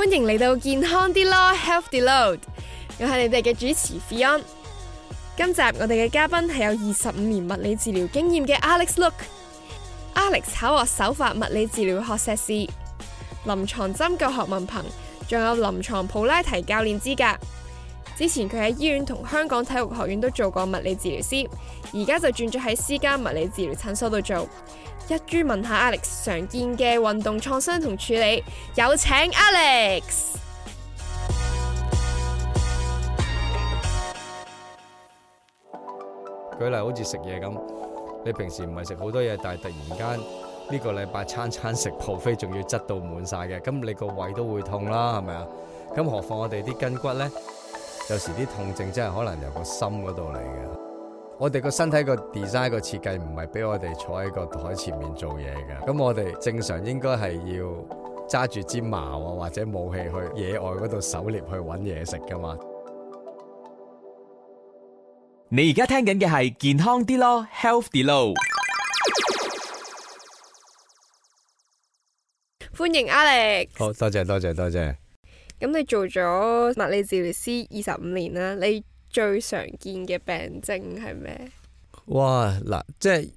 歡迎嚟到健康啲咯，Health Deload。我係你哋嘅主持 Fion。今集我哋嘅嘉賓係有二十五年物理治療經驗嘅 Alex Look。Alex 考獲手法物理治療學碩士、臨床針灸學文憑，仲有臨床普拉提教練資格。之前佢喺醫院同香港體育學院都做過物理治療師，而家就轉咗喺私家物理治療診所度做。一於問下 Alex 常見嘅運動創傷同處理，有請 Alex。舉例好似食嘢咁，你平時唔係食好多嘢，但係突然間呢個禮拜餐餐食 buffet，仲要窒到滿晒嘅，咁你個胃都會痛啦，係咪啊？咁何況我哋啲筋骨呢？有時啲痛症真係可能由個心嗰度嚟嘅。我哋個身體設計個 design 個設計唔係俾我哋坐喺個台前面做嘢嘅。咁我哋正常應該係要揸住支矛啊或者武器去野外嗰度狩獵去搵嘢食噶嘛。你而家聽緊嘅係健康啲咯，healthy 啲咯。歡迎 Alex。好，多謝多謝多謝。謝謝謝謝咁你做咗物理治療師二十五年啦，你最常見嘅病徵係咩？哇！嗱，即係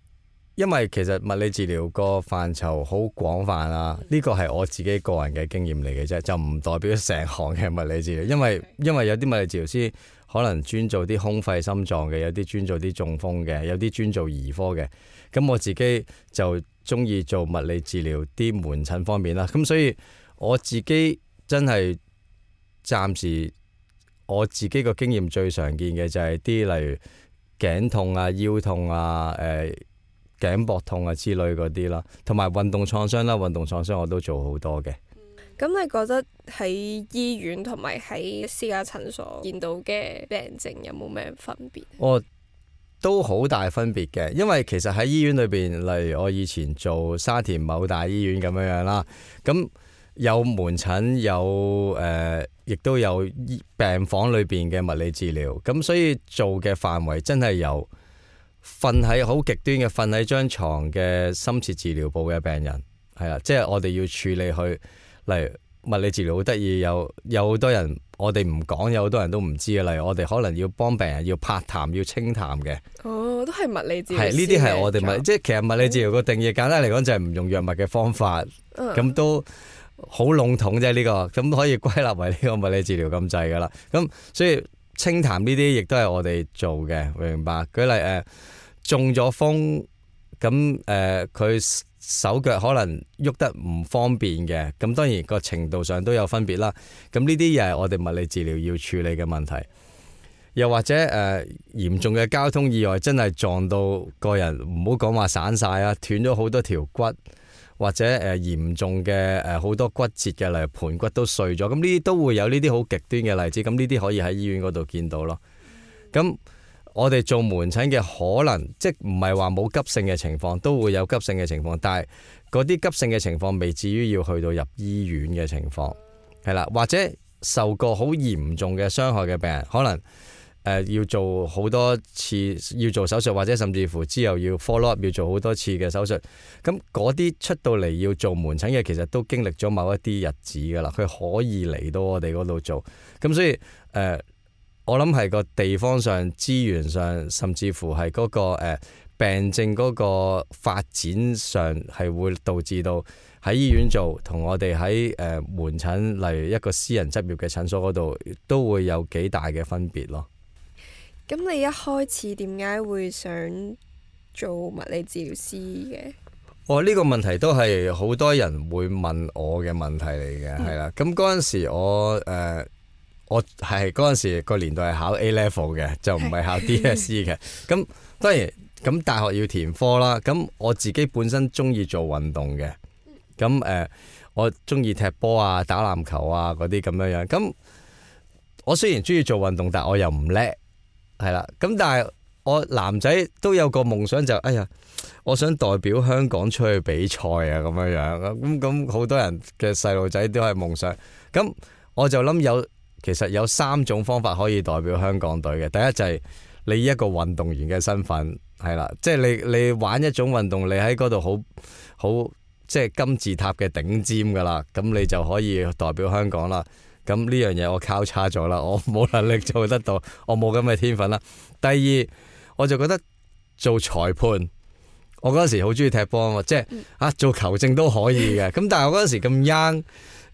因為其實物理治療、嗯、個範疇好廣泛啊。呢個係我自己個人嘅經驗嚟嘅啫，就唔代表成行嘅物理治療。因為對因為有啲物理治療師可能專做啲胸肺心臟嘅，有啲專做啲中風嘅，有啲專做兒科嘅。咁我自己就中意做物理治療啲門診方面啦。咁所以我自己真係～暫時我自己個經驗最常見嘅就係啲例如頸痛啊、腰痛啊、誒頸膊痛啊之類嗰啲啦，同埋運動創傷啦，運動創傷我都做好多嘅。咁、嗯、你覺得喺醫院同埋喺私家診所見到嘅病症有冇咩分別？我、哦、都好大分別嘅，因為其實喺醫院裏邊，例如我以前做沙田某大醫院咁樣樣啦，咁。有門診有誒、呃，亦都有病房裏邊嘅物理治療，咁所以做嘅範圍真係由瞓喺好極端嘅瞓喺張床嘅深切治療部嘅病人。係啊，即係我哋要處理佢，例如物理治療好得意，有有好多人我哋唔講，有好多人都唔知嘅，例如我哋可能要幫病人要拍痰、要清痰嘅。哦，都係物理治療的。係呢啲係我哋物理，嗯、即係其實物理治療個定義簡單嚟講就係唔用藥物嘅方法，咁都、嗯。嗯好籠統啫，呢個咁可以歸納為呢個物理治療咁制噶啦。咁所以清談呢啲亦都係我哋做嘅，明白？舉例誒，中咗風咁誒，佢手腳可能喐得唔方便嘅。咁當然個程度上都有分別啦。咁呢啲又係我哋物理治療要處理嘅問題。又或者誒，嚴重嘅交通意外，真係撞到個人，唔好講話散晒啊，斷咗好多條骨。或者誒、呃、嚴重嘅誒好多骨折嘅，例如盆骨都碎咗，咁呢啲都會有呢啲好極端嘅例子。咁呢啲可以喺醫院嗰度見到咯。咁我哋做門診嘅可能，即唔係話冇急性嘅情況，都會有急性嘅情況，但係嗰啲急性嘅情況未至於要去到入醫院嘅情況，係啦，或者受過好嚴重嘅傷害嘅病人，可能。誒、呃，要做好多次，要做手術，或者甚至乎之後要 follow up，要做好多次嘅手術。咁嗰啲出到嚟要做門診嘅，其實都經歷咗某一啲日子噶啦。佢可以嚟到我哋嗰度做。咁所以誒、呃，我諗係個地方上資源上，甚至乎係嗰個誒、呃、病症嗰個發展上，係會導致到喺醫院做，同我哋喺誒門診，例如一個私人執業嘅診所嗰度，都會有幾大嘅分別咯。咁你一開始點解會想做物理治療師嘅？我呢、哦呢個問題都係好多人會問我嘅問題嚟嘅，係啦、嗯。咁嗰陣時我誒、呃，我係嗰陣時個年代係考 A level 嘅，就唔係考 DSE 嘅是。咁 當然咁大學要填科啦。咁我自己本身中意做運動嘅，咁誒、呃、我中意踢波啊、打籃球啊嗰啲咁樣樣。咁我雖然中意做運動，但我又唔叻。係啦，咁但係我男仔都有個夢想就，哎呀，我想代表香港出去比賽啊，咁樣樣咁咁，好、嗯嗯嗯、多人嘅細路仔都係夢想。咁、嗯、我就諗有，其實有三種方法可以代表香港隊嘅。第一就係你一個運動員嘅身份，係啦，即、就、係、是、你你玩一種運動，你喺嗰度好好即係金字塔嘅頂尖噶啦，咁你就可以代表香港啦。咁呢樣嘢我交叉咗啦，我冇能力做得到，我冇咁嘅天分啦。第二，我就覺得做裁判，我嗰時好中意踢波即係吓、啊、做球證都可以嘅。咁但係我嗰時咁 young，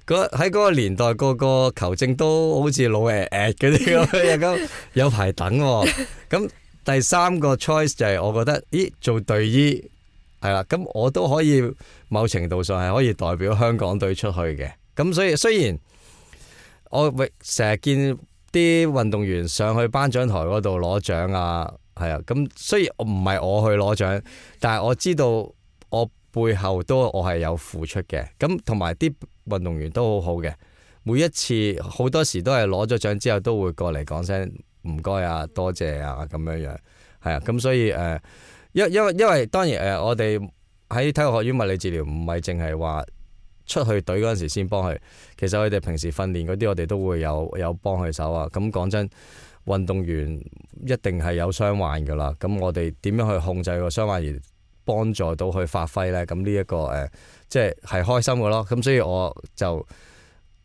喺嗰個年代，個個球證都好似老爺爺嗰啲咁有排等、哦。咁第三個 choice 就係我覺得，咦，做隊醫，係啦，咁我都可以某程度上係可以代表香港隊出去嘅。咁所以雖然。我成日見啲運動員上去頒獎台嗰度攞獎啊，係啊，咁雖然我唔係我去攞獎，但係我知道我背後都我係有付出嘅，咁同埋啲運動員都好好嘅，每一次好多時都係攞咗獎之後都會過嚟講聲唔該啊、多謝啊，咁樣樣，係啊，咁所以誒、呃，因為因為因為當然誒、呃，我哋喺體育學院物理治療唔係淨係話。出去隊嗰陣時先幫佢，其實佢哋平時訓練嗰啲，我哋都會有有幫佢手啊。咁講真，運動員一定係有傷患㗎喇。咁我哋點樣去控制個傷患，而幫助到佢發揮呢？咁呢一個誒、呃，即係係開心㗎囉。咁所以我就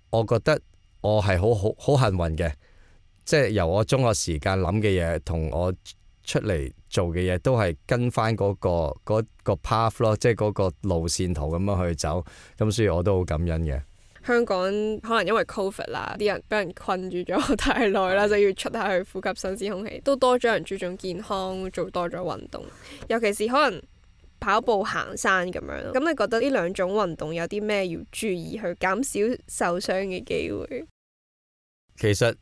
我覺得我係好好好幸運嘅，即係由我中學時間諗嘅嘢同我出嚟。做嘅嘢都係跟翻嗰個嗰個 path 咯，即係嗰個路線圖咁樣去走，咁所以我都好感恩嘅。香港可能因為 Covid 啦，啲人俾人困住咗太耐啦，就要出下去呼吸新鮮空氣，都多咗人注重健康，做多咗運動，尤其是可能跑步、行山咁樣咯。咁你覺得呢兩種運動有啲咩要注意，去減少受傷嘅機會？其實，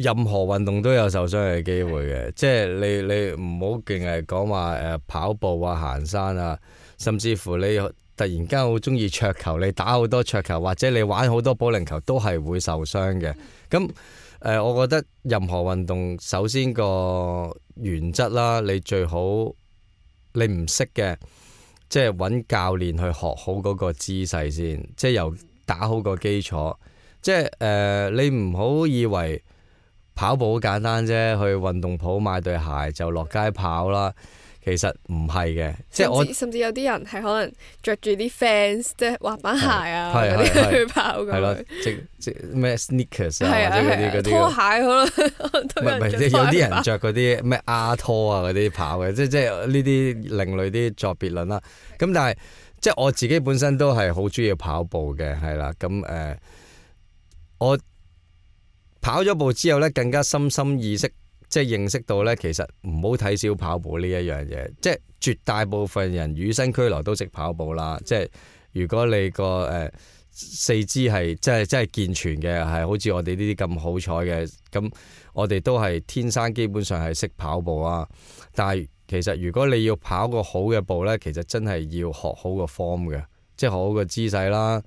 任何運動都有受傷嘅機會嘅，的即係你你唔好淨係講話誒跑步啊、行山啊，甚至乎你突然間好鍾意桌球，你打好多桌球，或者你玩好多保齡球，都係會受傷嘅。咁誒的、呃，我覺得任何運動首先個原則啦，你最好你唔識嘅，即係揾教練去學好嗰個姿勢先，即係由打好個基礎，即係誒、呃、你唔好以為。跑步好簡單啫，去運動鋪買對鞋就落街跑啦。其實唔係嘅，即係我甚至有啲人係可能着住啲 fans 即係滑板鞋啊嗰啲去跑咁。係咯，即即咩 sneakers 啊嗰啲，嗰啲拖鞋可能都有啲人着嗰啲咩阿拖啊嗰啲跑嘅，即即係呢啲另類啲作別論啦。咁但係即係我自己本身都係好鍾意跑步嘅，係啦。咁誒我。跑咗步之後咧，更加深深意識，即係認識到咧，其實唔好睇小跑步呢一樣嘢。即係絕大部分人與生俱來都識跑步啦。即係如果你個誒四肢係即係真係健全嘅，係好似我哋呢啲咁好彩嘅，咁我哋都係天生基本上係識跑步啊。但係其實如果你要跑個好嘅步咧，其實真係要學好個 form 嘅，即係學好個姿勢啦。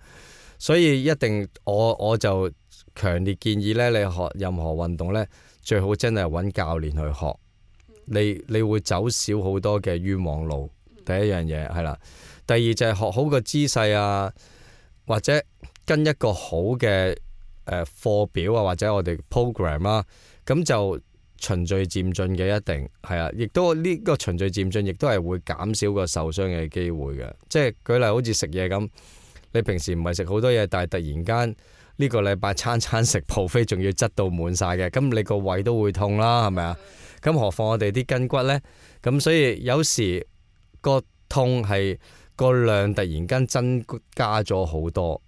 所以一定我我就。強烈建議咧，你學任何運動咧，最好真係揾教練去學。你你會走少好多嘅冤枉路。第一樣嘢係啦，第二就係學好個姿勢啊，或者跟一個好嘅呃，課表啊，或者我哋 program 啦，咁就循序漸進嘅一定係啊。亦都呢個循序漸進，亦都係會減少個受傷嘅機會嘅。即係舉例，好似食嘢咁，你平時唔係食好多嘢，但係突然間。呢個禮拜餐餐食蒲飛，仲要窒到滿晒嘅，咁你個胃都會痛啦，係咪啊？咁 何況我哋啲筋骨呢？咁所以有時個痛係個量突然間增加咗好多，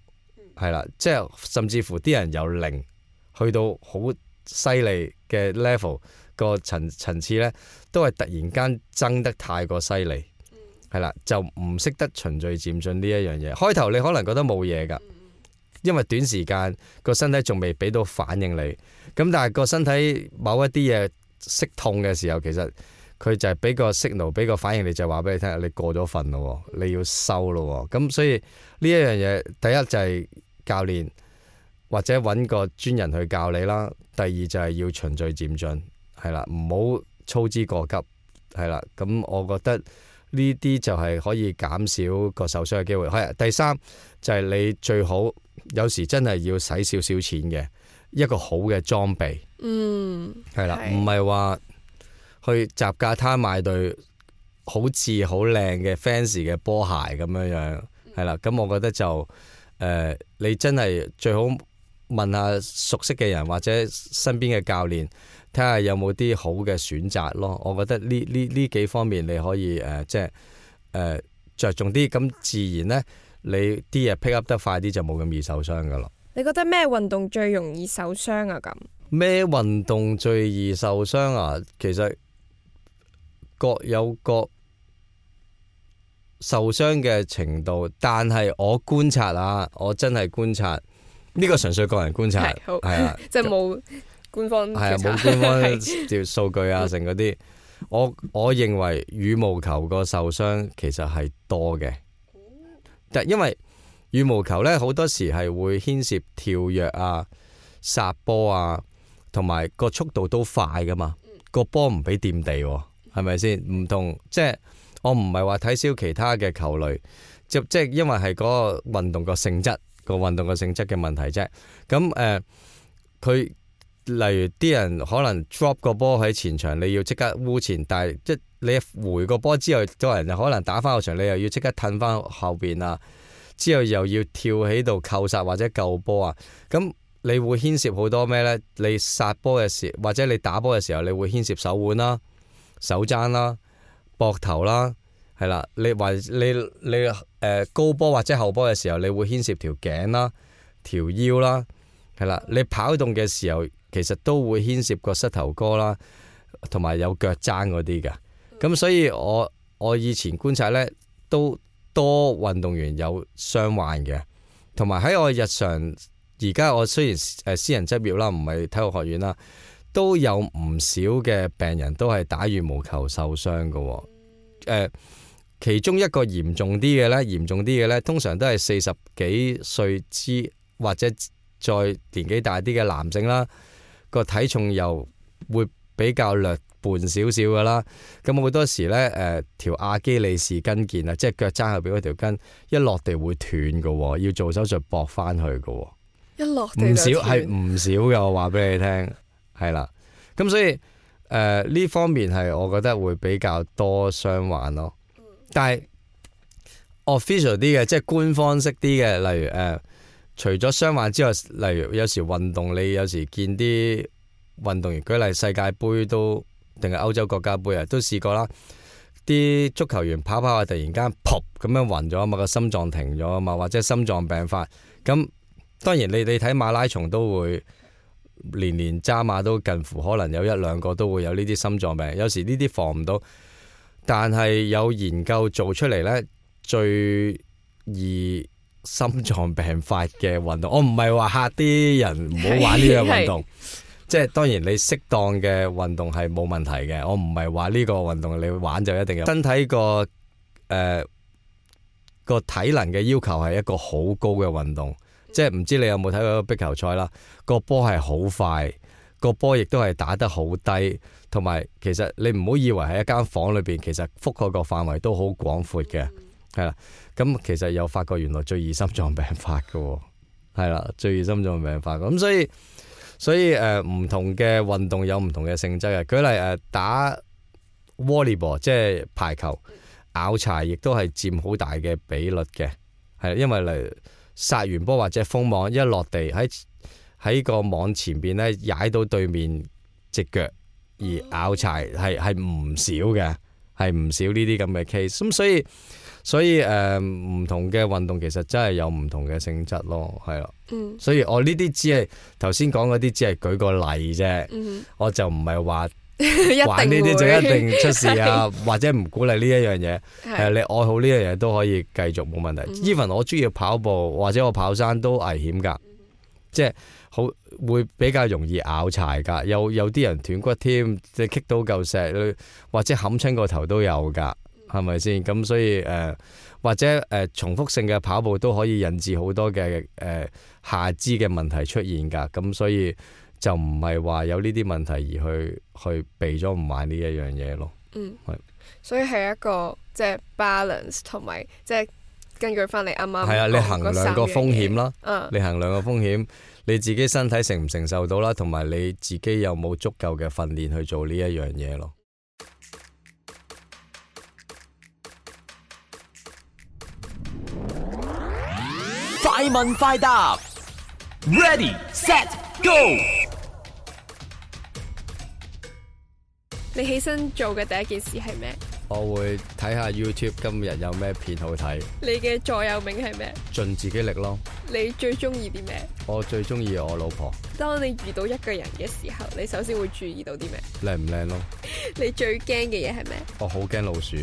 係、嗯、啦，即係甚至乎啲人由零去到好犀利嘅 level 個層層次呢都係突然間增得太過犀利，係、嗯、啦，就唔識得循序漸進呢一樣嘢。開頭你可能覺得冇嘢噶。嗯因為短時間個身體仲未俾到反應你，咁但係個身體某一啲嘢識痛嘅時候，其實佢就係俾個 signal 俾個反應你，就係、你就話俾你聽，你過咗份咯，你要收咯。咁所以呢一樣嘢，第一就係、係、教練或者揾個專人去教你啦。第二就係要循序漸進，係啦，唔好操之過急，係啦。咁我覺得呢啲就係可以減少個受傷嘅機會。係第三就係、係、你最好，有時真係要使少少錢嘅一個好嘅裝備，嗯，係啦的，唔係話去雜架攤買對好似好靚嘅 fancy 嘅波鞋咁樣樣，係啦。咁我覺得就誒、呃，你真係最好問下熟悉嘅人或者身邊嘅教練，睇下有冇啲好嘅選擇咯。我覺得呢呢呢幾方面你可以誒、呃，即係誒、呃、着重啲，咁自然咧。你啲嘢 pick up 得快啲就冇咁易受傷噶啦。你覺得咩運動最容易受傷啊？咁咩運動最易受傷啊？其實各有各受傷嘅程度，但係我觀察啊，我真係觀察呢、這個純粹個人觀察係、嗯、啊，即係冇官方係啊冇官方條數據啊 是成嗰啲。我我認為羽毛球個受傷其實係多嘅。但因為羽毛球咧，好多時係會牽涉跳躍啊、殺波啊，同埋個速度都快噶嘛，個波唔俾掂地，哦，係咪先？唔同即係我唔係話睇少其他嘅球類，即即係因為係嗰個運動個性質，個運動個性質嘅問題啫。咁誒，佢，呃、例如啲人可能 drop 個波喺前場，你要即刻烏前，但係即。你回個波之後，多人就可能打翻個場，你又要即刻褪翻後邊啊。之後又要跳起度扣殺或者救波啊。咁你會牽涉好多咩呢？你殺波嘅時，或者你打波嘅時候，你會牽涉手腕啦、手踭啦、膊頭啦，係啦。你或你你誒、呃、高波或者後波嘅時候，你會牽涉條頸啦、條腰啦，係啦。你跑動嘅時候，其實都會牽涉個膝頭哥啦，同埋有，有腳踭嗰啲嘅。咁所以我我以前觀察呢，都多運動員有傷患嘅。同埋喺我日常，而家我雖然誒私人執業啦，唔係體育學院啦，都有唔少嘅病人都係打羽毛球受傷嘅、哦，誒、呃、其中一個嚴重啲嘅呢，嚴重啲嘅呢，通常都係四十幾歲之或者再年紀大啲嘅男性啦，個體重又會比較略，慢少少噶啦，咁好多時咧，誒、呃、條阿基利士跟腱啊，即係腳踭後邊嗰條筋一落地會斷噶、哦，要做手術駁翻去噶、哦，一落地唔少係唔少嘅。 我話俾你聽係啦，咁所以誒呢、呃、方面係我覺得會比較多傷患咯。但係 official 啲嘅，即係官方式啲嘅，例如誒、呃、除咗傷患之外，例如有時運動你有時見啲運動員，舉例世界杯都。定係歐洲國家杯啊，都試過啦。啲足球員跑跑下，突然間噗咁樣暈咗啊嘛，個心臟停咗啊嘛，或者心臟病發。咁當然你你睇馬拉松都會連年年渣馬都近乎可能有一兩個都會有呢啲心臟病。有時呢啲防唔到，但係有研究做出嚟呢，最易心臟病發嘅運動，我唔係話吓啲人唔好玩呢樣運動。即係當然你適當嘅運動係冇問題嘅，我唔係話呢個運動你玩就一定有。身體個誒、呃、個體能嘅要求係一個好高嘅運動，即係唔知你有冇睇過個壁球賽啦？個波係好快，個波亦都係打得好低，同埋其實你唔好以為喺一間房裏邊，其實覆蓋個範圍都好廣闊嘅，係啦、嗯。咁其實有發覺原來最易心臟病發嘅、哦，係啦，最易心臟病發咁所以。所以誒唔、呃、同嘅運動有唔同嘅性質嘅，舉例誒、呃、打 Volleyball 即係排球，拗柴亦都係佔好大嘅比率嘅，係因為嚟殺完波或者封網一落地喺喺個網前面呢踩到對面隻腳而拗柴係係唔少嘅，係唔少呢啲咁嘅 case，咁、嗯、所以。所以誒，唔、呃、同嘅運動其實真係有唔同嘅性質咯，係啊，嗯、所以我呢啲只係頭先講嗰啲，只係舉個例啫。嗯、我就唔係話玩呢啲就一定出事啊，定 的或者唔鼓勵呢一樣嘢。誒的，你愛好呢一樣嘢都可以繼續冇問題。even、嗯、我鍾意跑步或者我跑山都危險㗎，嗯、即係好會比較容易咬柴㗎。有有啲人斷骨添，即係棘到嚿石，石，或者冚親個頭都有㗎。係咪先？咁所以誒、呃，或者誒、呃，重複性嘅跑步都可以引致好多嘅誒、呃、下肢嘅問題出現㗎。咁所以就唔係話有呢啲問題而去去避咗唔玩呢一樣嘢咯。嗯，係是，所以係一個即係、就是、balance 同埋即係根據返你啱啱講係啊，你衡量個風險啦，嗯、你衡量個風險，嗯、你自己身體承唔承受到啦，同埋你自己有冇足夠嘅訓練去做呢一樣嘢咯。快問快答，Ready，Set，Go。你起身做嘅第一件事係咩？我會睇下 YouTube 今日有咩片好睇。你嘅座右銘係咩？盡自己力咯。你最中意啲咩？我最中意我老婆。當你遇到一個人嘅時候，你首先會注意到啲咩？靚唔靚咯？你最驚嘅嘢係咩？我好驚老鼠。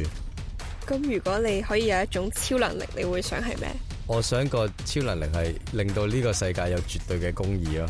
咁如果你可以有一種超能力，你會想係咩？我想個超能力係令到呢個世界有絕對嘅公義咯。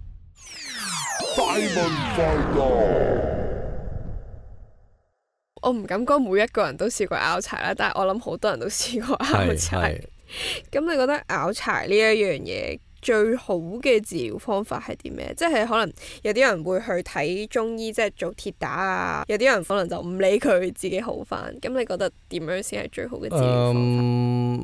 快我唔敢講每一個人都試過拗柴啦，但係我諗好多人都試過拗柴。咁 你覺得拗柴呢一樣嘢最好嘅治療方法係啲咩？即係可能有啲人會去睇中醫，即係做鐵打啊；有啲人可能就唔理佢自己好返。咁你覺得點樣先係最好嘅治療方法？Um,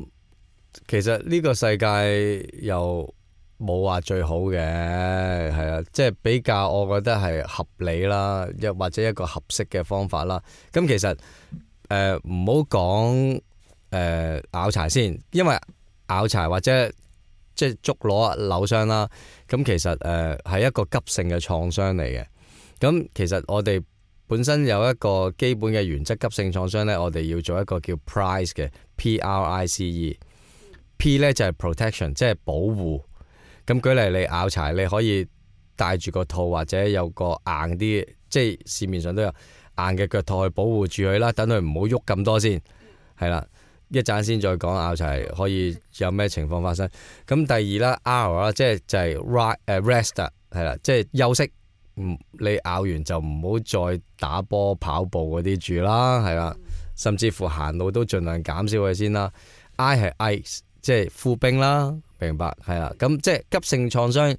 其實呢個世界又。冇話最好嘅係啊，即係比較，我覺得係合理啦，又或者一個合適嘅方法啦。咁、嗯、其實誒唔好講誒拗柴先，因為拗柴或者即係足踝扭傷啦。咁、嗯、其實誒係、呃、一個急性嘅創傷嚟嘅。咁、嗯、其實我哋本身有一個基本嘅原則，急性創傷呢，我哋要做一個叫 PRICE 嘅 P R I C E，P 咧就係 protection，即係保護。咁舉例你，你拗柴你可以戴住個套或者有個硬啲，即係市面上都有硬嘅腳套去保護住佢啦，等佢唔好喐咁多先，係啦，一陣先再講拗柴可以有咩情況發生。咁第二啦，R 啦、就係 uh，即係就係 rest，係啦，即係休息。嗯，你拗完就唔好再打波、跑步嗰啲住啦，係啦，嗯、甚至乎行路都盡量減少佢先啦。I 係 ice，即係敷冰啦。明白，係啦，咁即係急性創傷、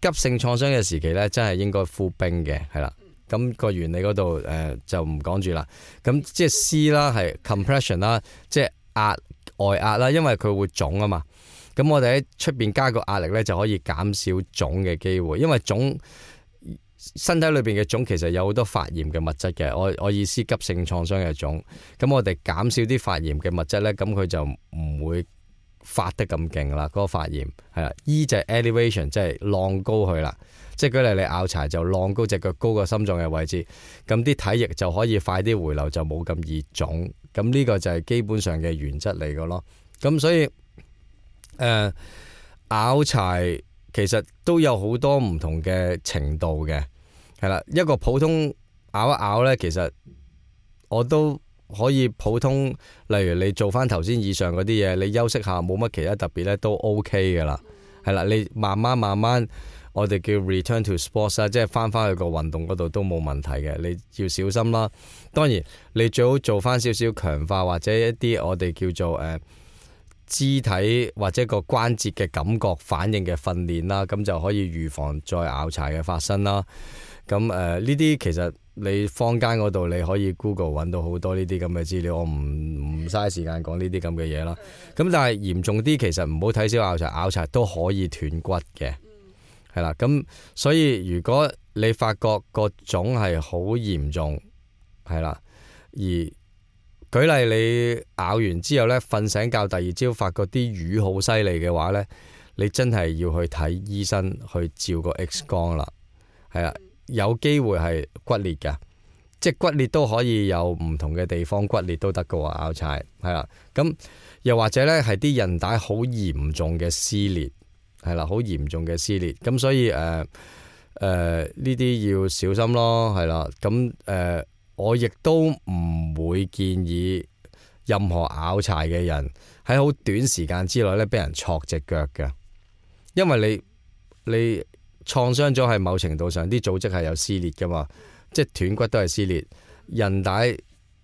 急性創傷嘅時期咧，真係應該敷冰嘅，係啦，咁個原理嗰度誒就唔講住啦。咁即係 C 啦，係 compression 啦，即係壓外壓啦，因為佢會腫啊嘛。咁我哋喺出邊加個壓力咧，就可以減少腫嘅機會，因為腫，身體裏邊嘅腫其實有好多發炎嘅物質嘅。我我意思急性創傷嘅腫，咁我哋減少啲發炎嘅物質咧，咁佢就唔會。發得咁勁啦，嗰、那個發炎係啦，依、e、就係 elevation，即係晾高佢啦。即係舉例，你拗柴就晾高隻腳高過心臟嘅位置，咁啲體液就可以快啲回流，就冇咁易腫。咁呢個就係基本上嘅原則嚟嘅咯。咁所以誒、呃、拗柴其實都有好多唔同嘅程度嘅，係啦，一個普通拗一拗呢，其實我都。可以普通，例如你做翻頭先以上嗰啲嘢，你休息下冇乜其他特別咧，都 O K 嘅啦。係啦，你慢慢慢慢，我哋叫 return to sports 啦，即係翻翻去個運動嗰度都冇問題嘅。你要小心啦。當然，你最好做翻少少強化或者一啲我哋叫做誒、呃、肢體或者個關節嘅感覺反應嘅訓練啦，咁就可以預防再拗柴嘅發生啦。咁誒呢啲其實。你坊間嗰度你可以 Google 揾到好多呢啲咁嘅資料，我唔唔嘥時間講呢啲咁嘅嘢啦。咁但係嚴重啲，其實唔好睇小拗柴，拗柴都可以斷骨嘅，係啦。咁所以如果你發覺個腫係好嚴重，係啦，而舉例你拗完之後呢，瞓醒覺第二朝發覺啲瘀好犀利嘅話呢，你真係要去睇醫生去照個 X 光啦，係啊。有機會係骨裂嘅，即係骨裂都可以有唔同嘅地方骨裂都得嘅喎，拗柴係啦。咁又或者呢係啲韌帶好嚴重嘅撕裂，係啦，好嚴重嘅撕裂。咁、嗯、所以誒誒呢啲要小心咯，係啦。咁、嗯、誒、呃、我亦都唔會建議任何拗柴嘅人喺好短時間之內呢俾人戳隻腳嘅，因為你你。創傷咗係某程度上啲組織係有撕裂㗎嘛，即係斷骨都係撕裂，韌帶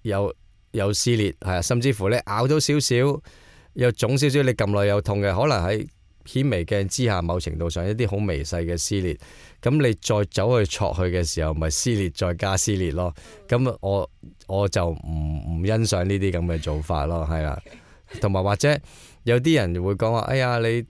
有有撕裂，係啊，甚至乎你咬到少少，又腫少少，你撳耐又痛嘅，可能喺顯微鏡之下某程度上一啲好微細嘅撕裂，咁你再走去戳佢嘅時候，咪、就是、撕裂再加撕裂咯，咁、嗯、我我就唔唔欣賞呢啲咁嘅做法咯，係啊，同埋 或者有啲人會講話，哎呀你。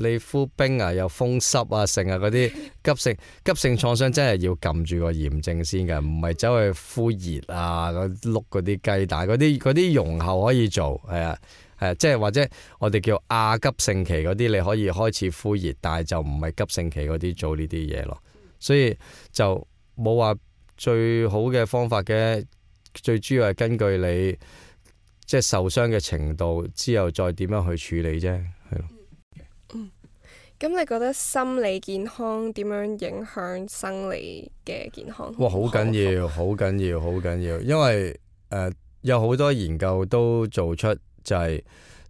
你敷冰啊，又風濕啊，成日嗰啲急性急性創傷真係要撳住個炎症先㗎，唔係走去敷熱啊，碌嗰啲雞蛋嗰啲，嗰啲容後可以做，係啊係啊，即係或者我哋叫亞急性期嗰啲你可以開始敷熱，但係就唔係急性期嗰啲做呢啲嘢咯。所以就冇話最好嘅方法嘅，最主要係根據你即係受傷嘅程度之後再點樣去處理啫。咁你覺得心理健康點樣影響生理嘅健康？哇！好緊要，好緊要，好緊要，因為誒有好多研究都做出就係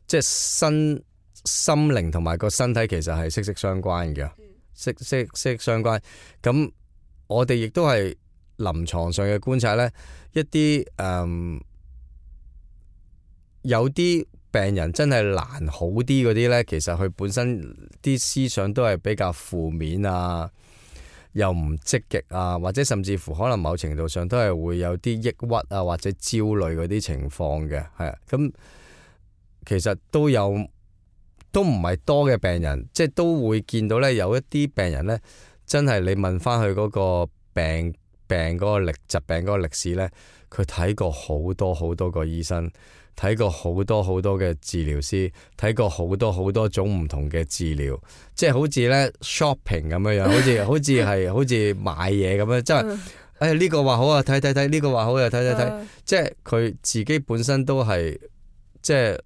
即係身心靈同埋個身體其實係息息相關嘅，息息息息相關。咁我哋亦都係臨床上嘅觀察咧，一啲誒有啲。病人真係難好啲嗰啲呢，其實佢本身啲思想都係比較負面啊，又唔積極啊，或者甚至乎可能某程度上都係會有啲抑鬱啊或者焦慮嗰啲情況嘅，係咁、嗯、其實都有都唔係多嘅病人，即係都會見到呢。有一啲病人呢，真係你問翻佢嗰個病病嗰個歷疾病嗰個歷史呢，佢睇過好多好多個醫生。睇過好多好多嘅治療師，睇過好多好多種唔同嘅治療，即係好似咧 shopping 咁樣樣， 好似好似係好似買嘢咁樣，即係， 哎呢個話好啊，睇睇睇，呢個話好啊，睇睇睇， 即係佢自己本身都係，即係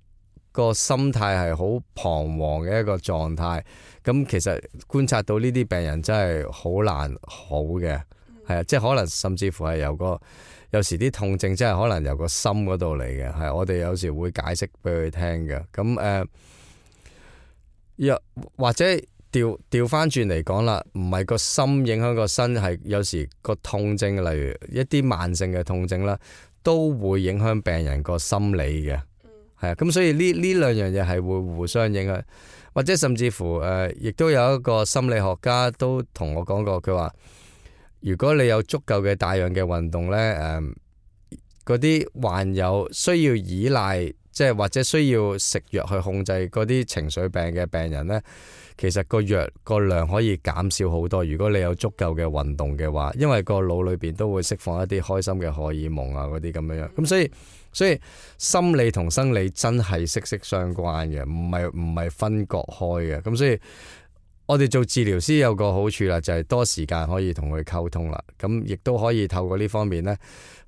個心態係好彷徨嘅一個狀態，咁其實觀察到呢啲病人真係好難好嘅，係啊，即係可能甚至乎係有個。有時啲痛症真係可能由個心嗰度嚟嘅，係我哋有時會解釋俾佢聽嘅。咁誒，一、呃、或者調調翻轉嚟講啦，唔係個心影響個身，係有時個痛症，例如一啲慢性嘅痛症啦，都會影響病人個心理嘅。係啊、嗯，咁所以呢呢兩樣嘢係會互相影響，或者甚至乎誒，亦、呃、都有一個心理學家都同我講過，佢話。如果你有足夠嘅大量嘅運動呢，誒、嗰、嗯、啲患有需要依賴，即係或者需要食藥去控制嗰啲情緒病嘅病人呢，其實個藥個量可以減少好多。如果你有足夠嘅運動嘅話，因為個腦裏邊都會釋放一啲開心嘅荷爾蒙啊，嗰啲咁樣樣。咁所以，所以心理同生理真係息息相關嘅，唔係唔係分割開嘅。咁所以。我哋做治療師有個好處啦，就係多時間可以同佢溝通啦。咁亦都可以透過呢方面呢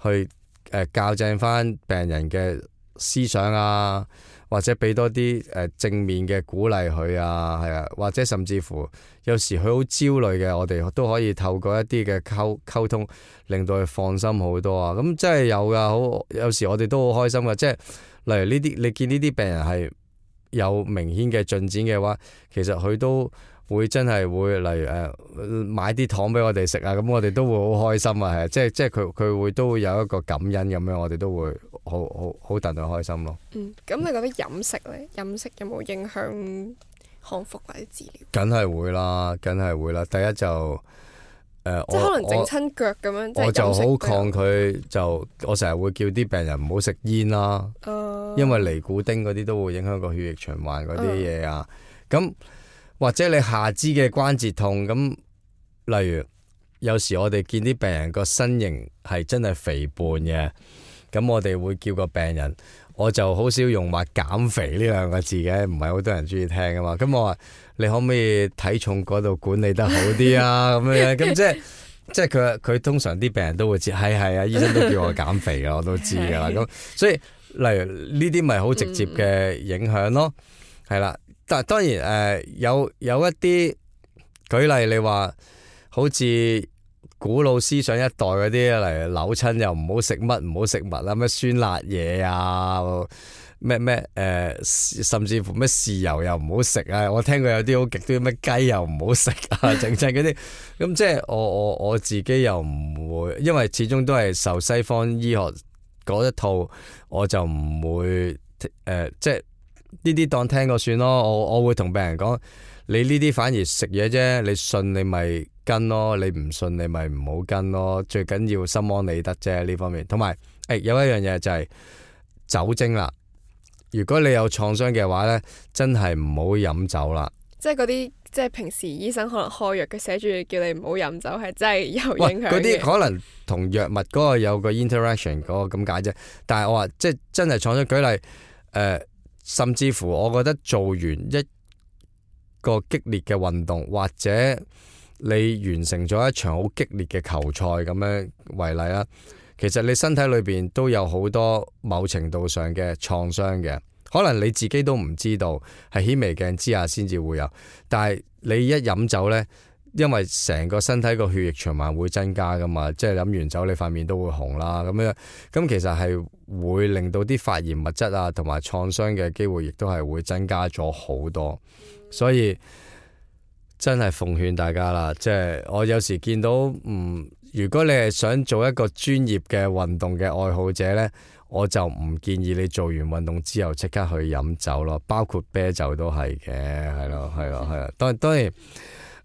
去誒校正翻病人嘅思想啊，或者俾多啲誒正面嘅鼓勵佢啊，係啊，或者甚至乎有時佢好焦慮嘅，我哋都可以透過一啲嘅溝溝通，令到佢放心好多啊。咁真係有噶，好有時我哋都好開心嘅。即係例如呢啲，你見呢啲病人係有明顯嘅進展嘅話，其實佢都～會真係會，例如誒、呃、買啲糖俾我哋食啊，咁我哋都會好開心啊，係，即係即係佢佢會都會有一個感恩咁樣，我哋都會好好好替佢開心咯，嗯。嗯，咁你覺得飲食咧？飲食有冇影響康復或者治療？梗係會啦，梗係會啦。第一就誒，呃、即可能整親腳咁樣，我，我就好抗拒。就我成日會叫啲病人唔好食煙啦，嗯、因為尼古丁嗰啲都會影響個血液循環嗰啲嘢啊，咁、嗯。嗯或者你下肢嘅關節痛咁，例如有時我哋見啲病人個身形係真係肥胖嘅，咁我哋會叫個病人，我就好少用話減肥呢兩個字嘅，唔係好多人中意聽噶嘛。咁我話你可唔可以體重嗰度管理得好啲啊？咁樣 樣，咁即係即係佢佢通常啲病人都會知，係係啊，醫生都叫我減肥啊，我都知噶啦。咁 所以例如呢啲咪好直接嘅影響咯，係啦、嗯。但係當然誒、呃，有有一啲舉例，你話好似古老思想一代嗰啲嚟，扭親，又唔好食乜唔好食物啦，咩酸辣嘢啊，咩咩誒，甚至乎咩豉油又唔好食啊，我聽過有啲好極端，咩雞又唔好食啊，整親嗰啲，咁、嗯、即係我我我自己又唔會，因為始終都係受西方醫學嗰一套，我就唔會誒、呃、即係。呢啲當聽過算咯，我我會同病人講，你呢啲反而食嘢啫，你信你咪跟咯，你唔信你咪唔好跟咯，最緊要心安理得啫呢方面。同埋，誒、哎、有一樣嘢就係、是、酒精啦，如果你有創傷嘅話呢，真係唔好飲酒啦。即係嗰啲即係平時醫生可能開藥佢寫住叫你唔好飲酒，係真係有影響。喂，嗰啲可能同藥物嗰個有個 interaction 嗰、那個咁解啫。但係我話即係真係創傷，舉例誒。呃甚至乎，我覺得做完一個激烈嘅運動，或者你完成咗一場好激烈嘅球賽咁樣為例啊，其實你身體裏面都有好多某程度上嘅創傷嘅，可能你自己都唔知道，喺顯微鏡之下先至會有，但係你一飲酒呢。因為成個身體個血液循環會增加㗎嘛，即係飲完酒你塊面都會紅啦。咁樣，咁其實係會令到啲發炎物質啊，同埋創傷嘅機會，亦都係會增加咗好多。所以真係奉勸大家啦，即係我有時見到，嗯，如果你係想做一個專業嘅運動嘅愛好者呢，我就唔建議你做完運動之後即刻去飲酒咯，包括啤酒都係嘅，係咯，係咯，係啊。當然，當然。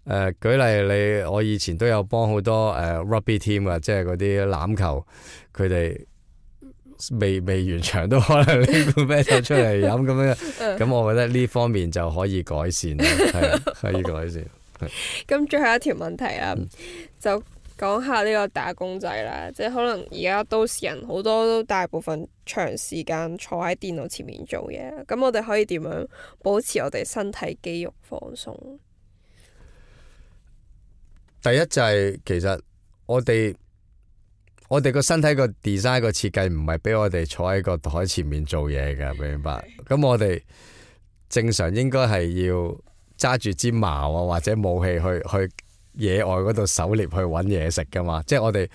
誒、呃，舉例你我以前都有幫好多誒、呃、rugby team 啊，即係嗰啲欖球，佢哋未未完場都可能拎杯酒出嚟飲咁樣，咁我覺得呢方面就可以改善係 可以改善。咁 是最後一條問題啦，就講下呢個打工仔啦，即係可能而家都市人好多都大部分長時間坐喺電腦前面做嘢，咁我哋可以點樣保持我哋身體肌肉放鬆？第一就係、是、其實我哋我哋個身體設計，個 design 個設計唔係俾我哋坐喺個台前面做嘢噶，明白？咁我哋正常應該係要揸住支矛啊，或者武器去去野外嗰度狩獵去揾嘢食噶嘛。即係我哋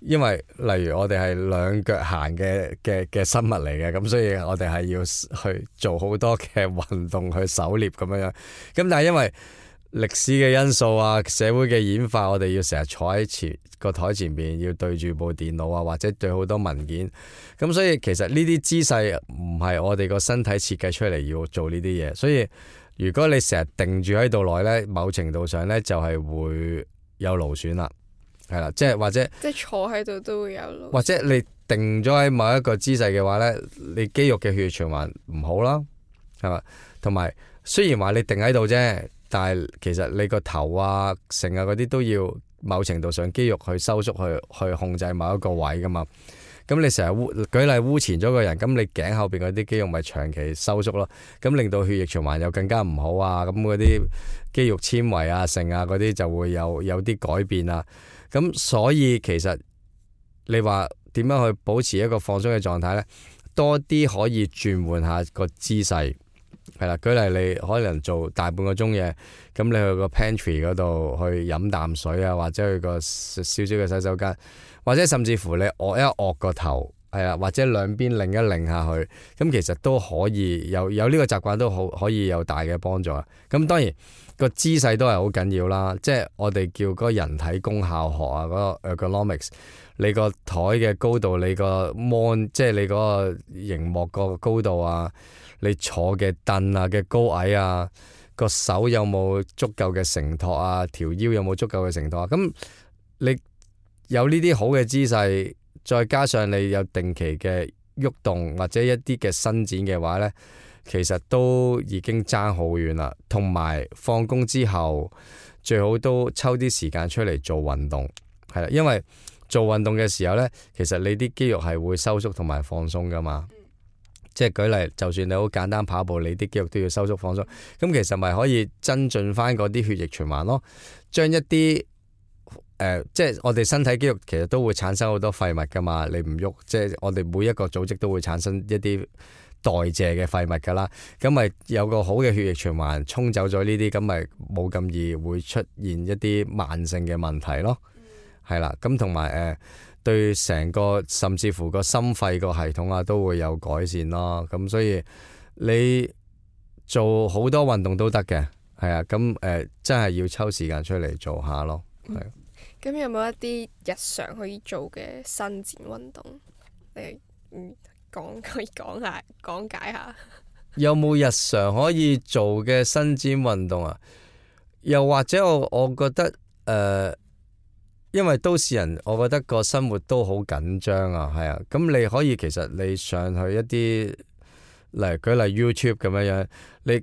因為例如我哋係兩腳行嘅嘅嘅生物嚟嘅，咁所以我哋係要去做好多嘅運動去狩獵咁樣樣。咁但係因為歷史嘅因素啊，社會嘅演化，我哋要成日坐喺前個台前面，要對住部電腦啊，或者對好多文件，咁所以其實呢啲姿勢唔係我哋個身體設計出嚟要做呢啲嘢。所以如果你成日定住喺度耐呢，某程度上呢，就係會有勞損啦，係啦，即係或者即係坐喺度都會有勞損，或者你定咗喺某一個姿勢嘅話呢，你肌肉嘅血液循環唔好啦，係嘛？同埋雖然話你定喺度啫。但係其實你個頭啊、成啊嗰啲都要某程度上肌肉去收縮去去控制某一個位噶嘛。咁你成日舉例污前咗個人，咁你頸後邊嗰啲肌肉咪長期收縮咯。咁令到血液循環又更加唔好啊。咁嗰啲肌肉纖維啊、成啊嗰啲就會有有啲改變啊。咁所以其實你話點樣去保持一個放鬆嘅狀態呢？多啲可以轉換下個姿勢。係啦，舉例你可能做大半個鐘嘢，咁你去個 pantry 嗰度去飲啖水啊，或者去個小小嘅洗手間，或者甚至乎你惡一惡個頭，係啊，或者兩邊擰一擰下去，咁其實都可以有有呢個習慣都好，可以有大嘅幫助。咁當然個姿勢都係好緊要啦，即係我哋叫嗰個人體工效學啊，嗰個 ergonomics，你個台嘅高度，你，你個 mon 即係你嗰個熒幕個高度啊。你坐嘅凳啊嘅高矮啊，個手有冇足夠嘅承托啊？條腰有冇足夠嘅承托啊？咁你有呢啲好嘅姿勢，再加上你有定期嘅喐動或者一啲嘅伸展嘅話呢，其實都已經差好遠啦。同埋放工之後，最好都抽啲時間出嚟做運動，係啦，因為做運動嘅時候呢，其實你啲肌肉係會收縮同埋放鬆噶嘛。即係舉例，就算你好簡單跑步，你啲肌肉都要收縮放鬆，咁其實咪可以增進翻嗰啲血液循環咯。將一啲誒、呃，即係我哋身體肌肉其實都會產生好多廢物噶嘛。你唔喐，即係我哋每一個組織都會產生一啲代謝嘅廢物噶啦。咁咪有個好嘅血液循環沖走咗呢啲，咁咪冇咁易會出現一啲慢性嘅問題咯。係啦、嗯、咁同埋誒。對成個甚至乎個心肺個系統啊都會有改善咯，咁所以你做好多運動都得嘅，係啊，咁誒、呃、真係要抽時間出嚟做下咯，係。咁、嗯、有冇一啲日常可以做嘅伸展運動？你，講可以講下講解下。 有冇日常可以做嘅伸展運動啊？又或者我我覺得誒。呃因為都市人，我覺得個生活都好緊張啊，係啊，咁你可以其實你上去一啲，例如舉例 YouTube 咁樣樣，你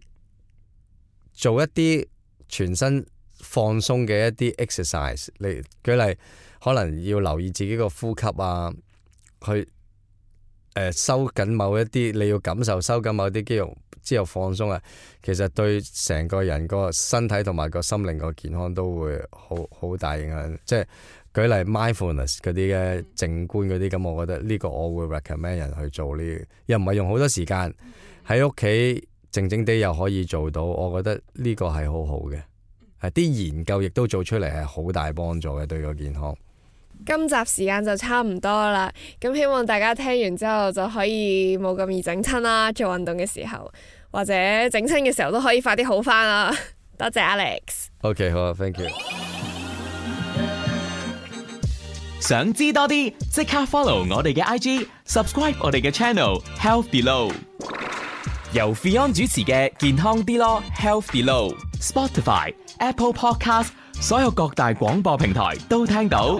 做一啲全身放鬆嘅一啲 exercise，你舉例可能要留意自己個呼吸啊，去。誒，收緊某一啲你要感受，收緊某啲肌肉之後放鬆啊，其實對成個人個身體同埋個心靈個健康都會好好大影響。即係舉例 mindfulness 嗰啲嘅靜觀嗰啲，咁我覺得呢個我會 recommend 人去做呢，又唔係用好多時間，喺屋企靜靜地又可以做到，我覺得呢個係好好嘅。誒，啲研究亦都做出嚟係好大幫助嘅對個健康。今集時間就差唔多啦，咁希望大家聽完之後就可以冇咁易整親啦。做運動嘅時候或者整親嘅時候都可以快啲好返啦。多謝 Alex。OK，好啊，Thank you。想知多啲，即刻 follow 我哋嘅 IG，subscribe 我哋嘅 channel Health Below。由 Fion 主持嘅健康啲咯，Health Below，Spotify、Apple Podcast，所有各大廣播平台都聽到。